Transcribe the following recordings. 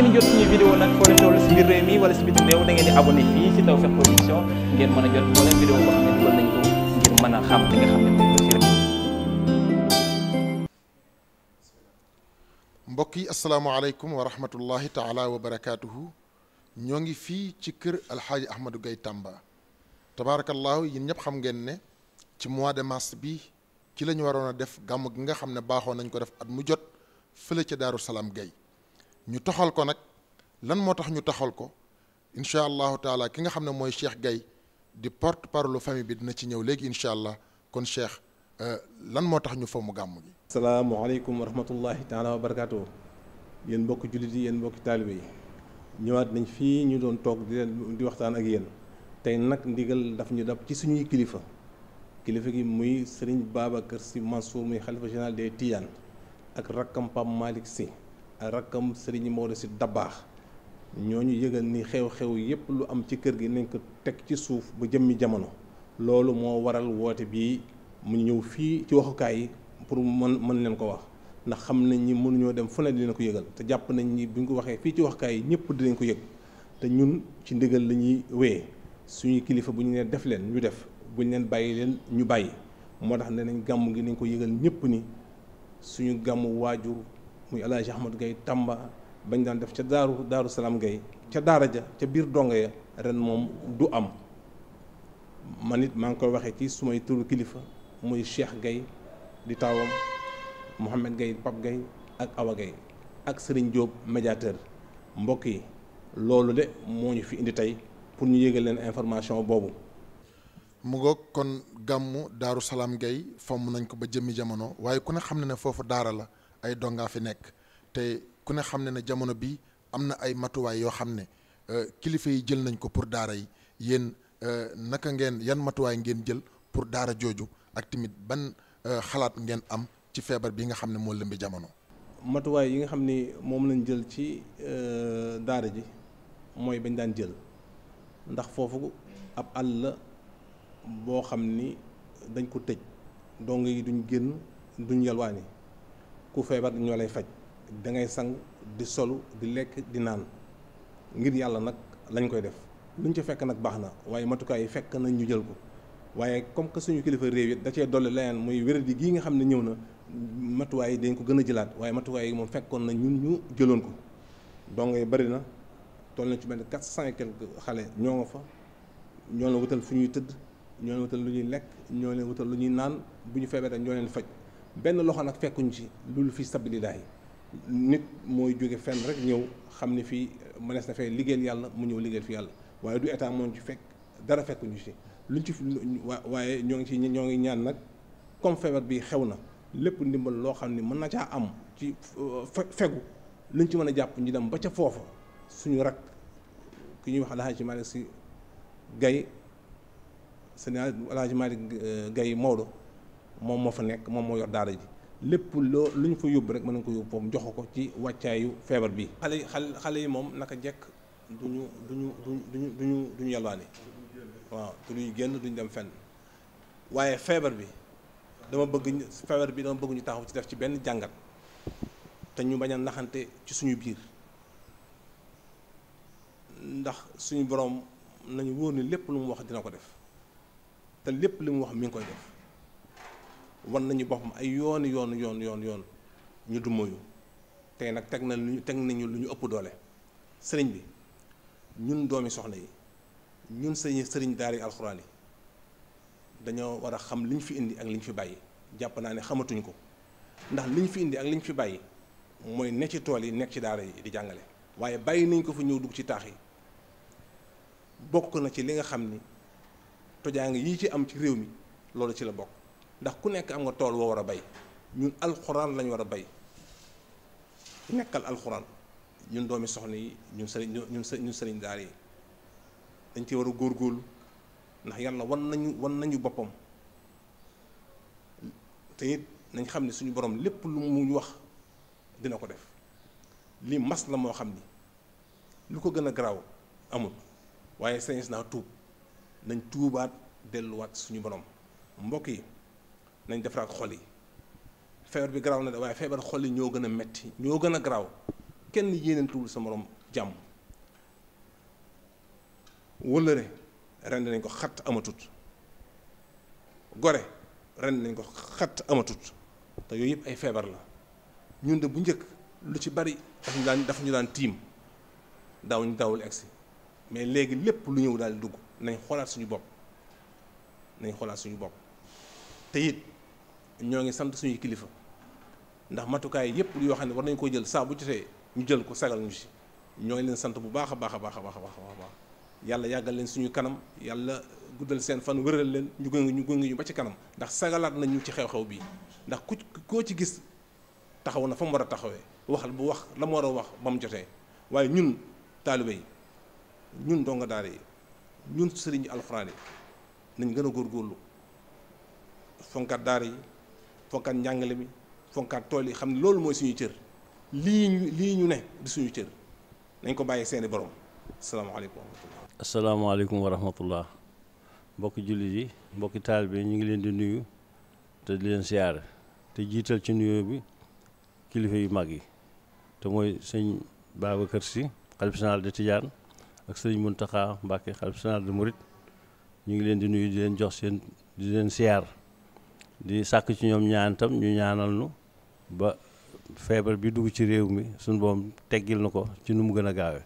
ngeen jot suñu vidéo nag foo leen la mbokk yi asalaamaaleykum wa rahmatullahi taala wa ñoo ngi fii ci kër alxaaji Ahmadou Gaye Tamba tabaarakallaahu yi ñëpp xam ngeen ne ci mois de mars bi ci lañu waroon a def gàmm gi nga xam ne baaxoo nañ ko def at mu jot fële ca Daaru Salaam Gaye ñu toxal ko nag lan moo tax ñu toxal ko incha allahu taala ki nga xam ne mooy Cheikh gay di porte parole famille bi dina ci ñëw léegi incha allah kon Cheikh euh, lan moo tax ñu fomm gàmm gi. salaamualeykum wa rahmatullahi taala wa barakaatu. yéen mbokki jullit yi yéen mbokki taalibe yi ñëwaat nañ fii ñu doon toog di leen di waxtaan ak yéen tey nag ndigal daf ñu dab ci suñuy kilifa kilifa gi muy sëriñ Babacar Sy Mansour muy xalifa général des Tidianes ak rakkam Pape Malick rakkam sëriñ Maodo si ñoo ñu yëgal ni xew-xew yépp lu am ci kër gi nañ ko teg ci suuf ba jëmmi jamono loolu moo waral woote bii mu ñëw fii ci waxukaay yi pour mën mën leen ko wax ndax xam nañ ñi mënuñoo dem fu ne leen ko yëgal te jàpp nañ ni bu ñu ko waxee fii ci waxukaay yi ñëpp dinañ ko yëg te ñun ci ndigal lañuy ñuy wéyee suñu kilifa bu ñu nee def leen ñu def bu ñu leen bàyyi leen ñu bàyyi moo tax ne nañ gàmm gi nañ ko yëgal ñëpp ni suñu gàmmu waajur muy El Hadj Ahmad Gaye Tamba bañ daan def ca daaru daaru salaam Gaye ca daara ja ca biir dongo ya ren moom du am man it maa ngi koy waxee ci sumay turu kilifa muy Cheikh Gaye di taawam Mouhamed Gaye Pape Gaye ak Awa Gaye ak Serigne Diop médiateur mbokk yi loolu de moo ñu fi indi tey pour ñu yégal leen information boobu mu ngoog kon gàmmu daaru salaam Gaye fomm nañ ko ba jëmmi jamono waaye ku ne xam na ne foofu daara la ay dongaa fi nekk te ku ne xam ne ne jamono bi am na ay matuwaay yoo xam ne euh, kilifa yi jël nañ ko pour daara yi yéen euh, naka ngeen yan matuwaay ngeen jël pour daara jooju ak tamit ban euh, xalaat ngeen am ci feebar bi nga xam ne moo lëmbi jamono. matuwaay yi nga xam ni moom lañ jël ci daara ji mooy bañ daan jël ndax foofu ab àll boo xam ni dañ ko tëj dong yi duñ génn duñ yi ku feebar ñoo lay faj dangay ngay sang di solu di lekk di naan ngir yàlla nag lañ koy def luñ ci fekk nag baax na waaye matukaay yi fekk nañ ñu jël ko waaye comme que suñu kilifa réew it da cee dolli leneen muy wér di gii nga xam ne ñëw na matuwaay yi dañ ko gën a jëlaat waaye matuwaay yi moom fekkoon na ñun ñu jëloon ko donc bëri na toll na ci benn quatre cent et xale ñoo nga fa ñoo la wutal fu ñuy tëdd ñoo leen wutal lu ñuy lekk ñoo leen wutal lu ñuy naan bu ñu feebaree ñoo leen faj benn loxo nag fekkuñ ci loolu fi sabilillahi nit mooy jóge fenn rek ñëw xam ni fii mënees na fee liggéeyal yàlla mu ñëw liggéeyal fi yàlla waaye du état moom ci fekk dara fekkuñu ci luñ ci waaye ñoo ngi ci ñoo ngi ñaan nag comme feebar bi xew na lépp ndimbal loo xam ni mën na caa am ci euh, fegu luñ ci mën a jàpp ñu dem ba ca foofa suñu rak ki ñuy wax alhaaji Malick si gay Gaye sëñ alhaaji Malick euh, Gaye Maodo moom moo fa nekk moom moo yor daara ji lépp loo lu ñu fa yóbbu rek mën nañu ko yóbbu foofu jox ko ci wàccaayu feebar bi. xale yi xale yi moom naka jekk du ñu du ñu du ñu du ñu du ñu du ñu génn du dem fenn waaye feebar bi dama bëgg feebar bi dama bëgg ñu taxaw ci def ci benn jàngat te ñu bañ a naxante ci suñu biir ndax suñu boroom nañu wóor ni lépp lu mu wax dina ko def te lépp li mu wax mi ngi koy def. wan nañu boppam ay yoon yoon yoon yoon yoon ñu dumayu tey nag teg na lu teg nañu lu ñu ëpp doole sëriñ bi ñun doomi soxna yi ñun sëriñ sëriñ daara yi alxuraan yi dañoo war a xam li ñu fi indi ak li fi bàyyi jàpp naa ne xamatuñ ko ndax liñ fi indi ak li ñu fi bàyyi mooy ne ci tool yi nekk ci daara yi di jàngale waaye bàyyi nañ ko fi ñëw dugg ci taax yi bokk na ci li nga xam ni tojaange yii ci am ci réew mi loolu ci la bokk ndax ku nekk am nga tool woo war a bay ñun alxuraan lañ war a bay nekkal alxuraan ñun doomi soxna yi ñun sëriñ ñun ñun sëriñ daar yi dañ ci war a góor góorlu ndax yàlla wan nañu wan nañu boppam te it nañ xam ne suñu borom lépp lu mu wax dina ko def lii mas la moo xam ni lu ko gën a garaaw amul waaye sañes naa tuub nañ tuubaat delluwaat suñu borom mbokk yi nañ defaraat xol yi feebar bi garaaw na de waaye feebar xol yi ñoo gën a metti ñoo gën a garaaw kenn yéeneentuwul sa moroom jàmm wëllëre rend nañ ko xat xatt amatut gore rend nañ ko xatt amatut te yooyu yëpp ay feebar la ñun de bu njëkk lu ci bari daf ñu daan daf ñu daan tiim daaw ñu daawul egsi mais léegi lépp lu ñëw daal dugg nañ xoolaat suñu bopp nañ xoolaat suñu bopp te ñoo ngi sant suñuy kilifa ndax matukaay yépp yoo xam ne war nañu ko jël saa bu jotee ñu jël ko sagal ñu si ñoo leen sant bu baax a baax a baax a baax a baax yàlla yàggal leen suñu kanam yàlla guddal seen fan wëral leen ñu gëng ñu gëng ñu ba ci kanam ndax sagalaat nañ ñu ci xew-xew bi ndax ku koo ci gis taxaw na fa mu war a taxawee wax bu wax la mu war a wax ba mu jotee waaye ñun taalibe yi ñun donga daara yi ñun sëriñ alxuraan yi nañ gën a góor fonkat fonkaat njàngale bi fonkat tool yi xam ne loolu mooy suñu cër lii ñu lii ñu ne di suñu cër nañ ko bàyyi seeni borom asalaamaaleykum wa rahmatullah asalaamaaleykum wa mbokki jullit yi mbokki taalibe bi ñu ngi leen di nuyu te di leen siyaare te jiital ci nuyoo bi kilifa yu mag yi te mooy sëñ Babacar Sy xalif général de Tidiane ak sëñ Mountakha Mbacké xalif général de Mouride ñu ngi leen di nuyu di leen jox seen di leen siyaar di sàkk ci ñoom ñaan tam ñu ñaanal nu ba feebar bi dugg ci réew mi suñ boom teggil na ko ci nu mu gën a gaawe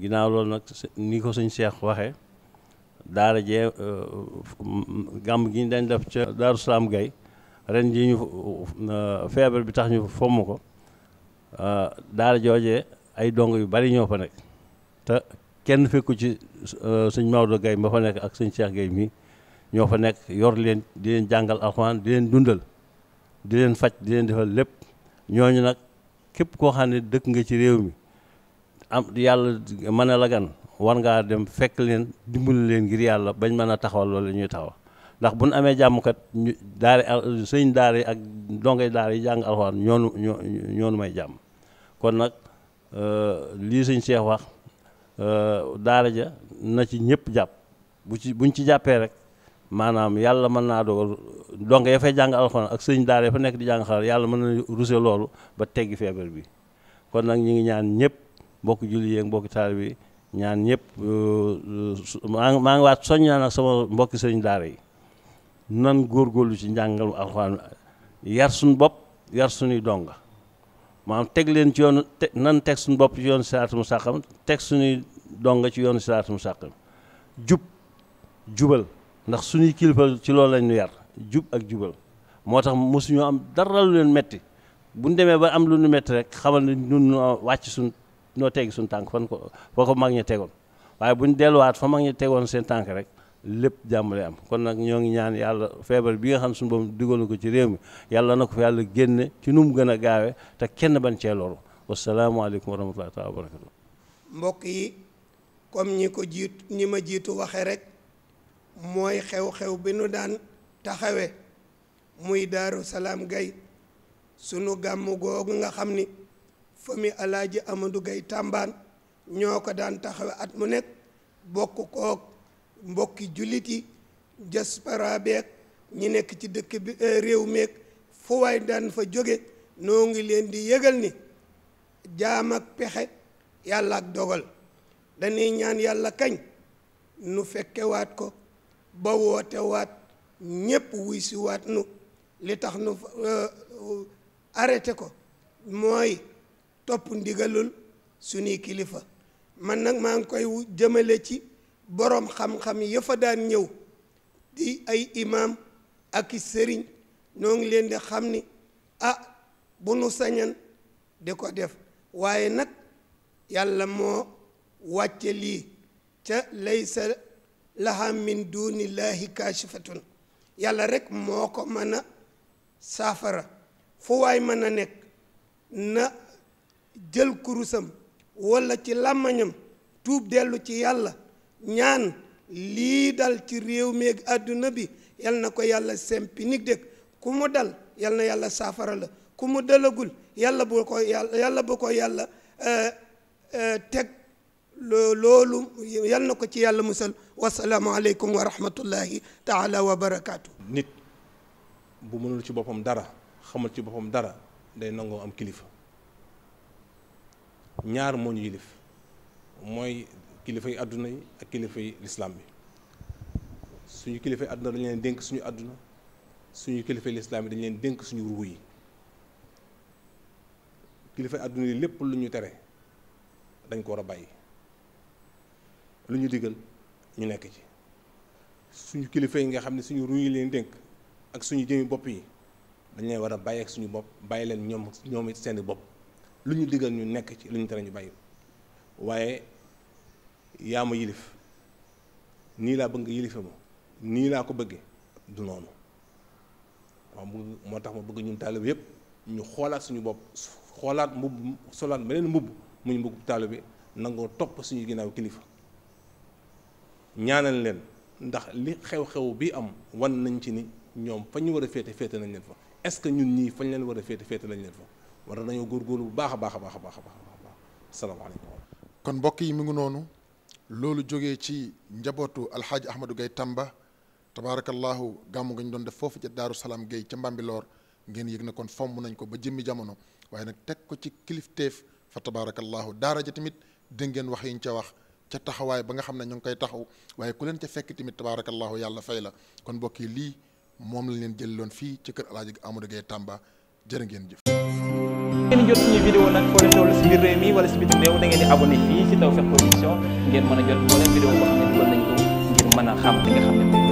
ginnaaw lool nag ni ko suñ seex waxee daara jee euh, gàmm gi ñu dañ def ca Daaru Salaam Gay ren ji ñu euh, feebar bi tax ñu fomm ko euh, daara jooje ay dong yu bari ñoo fa nekk te kenn fekku ci suñ Maodo Gay ma fa nekk ak suñ Seex Gay mii ñoo fa nekk yor leen di leen jàngal alxuraan di leen dundal di leen faj di leen defal lépp ñooñu nag képp koo xam ne dëkk nga ci réew mi am yàlla mën a la war ngaa dem fekk leen dimbali leen ngir yàlla bañ mën a taxawal loolu ñuy taxawal ndax bu nu amee jàmm kat ñu daare ak dongay daare jàng alxuraan ñoonu ñoonu may jàmm kon nag euh, lii sëñ Cheikh wax euh, daara ja na ci ñëpp jàpp bu ci buñ ci jàppee rek. maanaam yàlla mën naa doo donc ya fay jàng alxuraan ak sëñ daara ya fa nekk di jàng xalaat yàlla mën na ruse loolu ba teggi feebar bi kon nag ñu ngi ñaan ñëpp mbokk julli yeeg mbokk taal bi ñaan ñëpp uh, maa ngi maa ngi waat soññaan ak sama mbokki sëñ daara yi nan góorgóorlu ci njàngal alxuraan yar suñ bopp yar suñuy dong maanaam teg leen ci yoon te nan teg suñu bopp ci yoon siraatul mustaqiim teg suñuy dong ci yoon siraatul mustaqiim jub ndax suñuy kilifa ci loolu lañ ñu yar jub ak jubal moo tax mu mosuñu am dara lu leen metti buñ demee ba am lu ñu metti rek xamal ne ñun noo wàcc suñ noo teggi suñ tànk fan ko foo ko mag ña tegoon waaye buñ delluwaat fa mag ña tegoon seen tànk rek lépp jàmm lay am kon nag ñoo ngi ñaan yàlla feebar bi nga xam suñu boom digalu ko ci réew mi yàlla na ko fi yàlla génne ci nu mu gën a gaawe te kenn ban cee loru wasalaamaaleykum wa rahmatullahi taala mbokk yi comme ñi ko jiit ñi ma jiitu waxe rek mooy xew-xew bi nu daan taxawe muy daaru salaam gay sunu gàmm googu nga xam ni fami alaaji amadou gay tàmbaan ñoo ko daan taxawe at mu nekk bokk kook mbokki jullit yi diaspora beek ñi nekk ci dëkk bi eh, réew meek fu waay daan fa jóge noo ngi leen di yëgal ni jaam ak pexe yàlla dogal dañuy ñaan yàlla kañ nu fekkewaat ko ba woote waat ñépp wuy si waat nu li tax nu euh, arrêté ko mooy topp ndigalul suñuy kilifa man nag maa ngi koy jëmale ci borom xam-xam ya daan ñëw di ay imaam ak i sëriñ ñoo ngi leen di xam ni ah bu nu sañan di ko def waaye nag yàlla moo wàcce lii ca lay laysa laha min dunillahi kaashifatun yàlla rek moo ko mën a saafara fu waay mën a nekk na jël kurusam walla ci làmmañam tuub dellu ci yàlla ñaan lii dal ci réew meeg àdduna bi yal na ko yàlla sempi nig dëkk ku mu dal yal na yàlla saafara la ku mu dalagul yàlla bu ko yàlla yàlla bu ko yàlla eh, eh, teg loolu yal na ko ci yàlla musal wasalaamaaleykum wa rahmatullahi taala wa barakaatu. nit bu mënul ci boppam dara xamal ci boppam dara day nangoo am kilifa ñaar moo ñu yilif mooy kilifa àdduna yi ak kilifay lislaam bi suñu kilifa yi àdduna dañ leen dénk suñu àdduna suñu kilifa yi lislaam yi dañ leen dénk suñu ruu yi kilifa yi àdduna yi lépp lu ñu tere dañ ko war a bàyyi. lu ñu diggal ñu nekk ci suñu kilifa yi nga xam ne suñu ruy leen dénk ak suñu jëmi bopp yi dañ leen war a bàyyi suñu bopp bàyyi leen ñoom ñoom it seeni bopp lu ñu digal ñu nekk ci lu ñu tere ñu bàyyi waaye yaa ma yilif nii laa bëgg yilife ma nii laa ko bëggee du noonu waaw moo tax ma bëgg ñun taalibe yëpp ñu xoolaat suñu bopp xoolaat mbubb solaat beneen mbubb muy mbugg taalibe nangoo topp suñu ginnaaw kilifa ñaanal leen ndax li xew-xew bii am wan nañ ci ni ñoom fa ñu war a féete féete leen fa est-ce que ñun ñii fañ leen war a féete féete nañ leen fa war nañoo góorgóorlu bu baax a baax a baax a baax a salaamaaleykum. kon mbokk yi mu ngi noonu loolu jóge ci njabootu alxaaji Ahmadou Gaye tàmba tabaarakallahu gàmmu nga ñu doon def foofu ca Daaru Salaam Gaye ca Mbambilor ngeen yëg na kon fomm nañ ko ba jëmmi jamono waaye nag teg ko ci kilifteef fa tabaarakallahu daara ja tamit dégg ngeen wax yi ñu ca wax. ca taxawaay ba nga xam ne ñu ngi koy taxaw waaye ku leen ca fekk tamit tabaarakallaahu yàlla fay la kon mbokk yi lii moom lañ leen jëloon fii ci kër El Hadj Amadou Gueye Tamba jër ngeen jëf. ngeen jot suñu vidéo nag foo leen toll si ngeen mën a jot moo leen mën a xam nga xam ne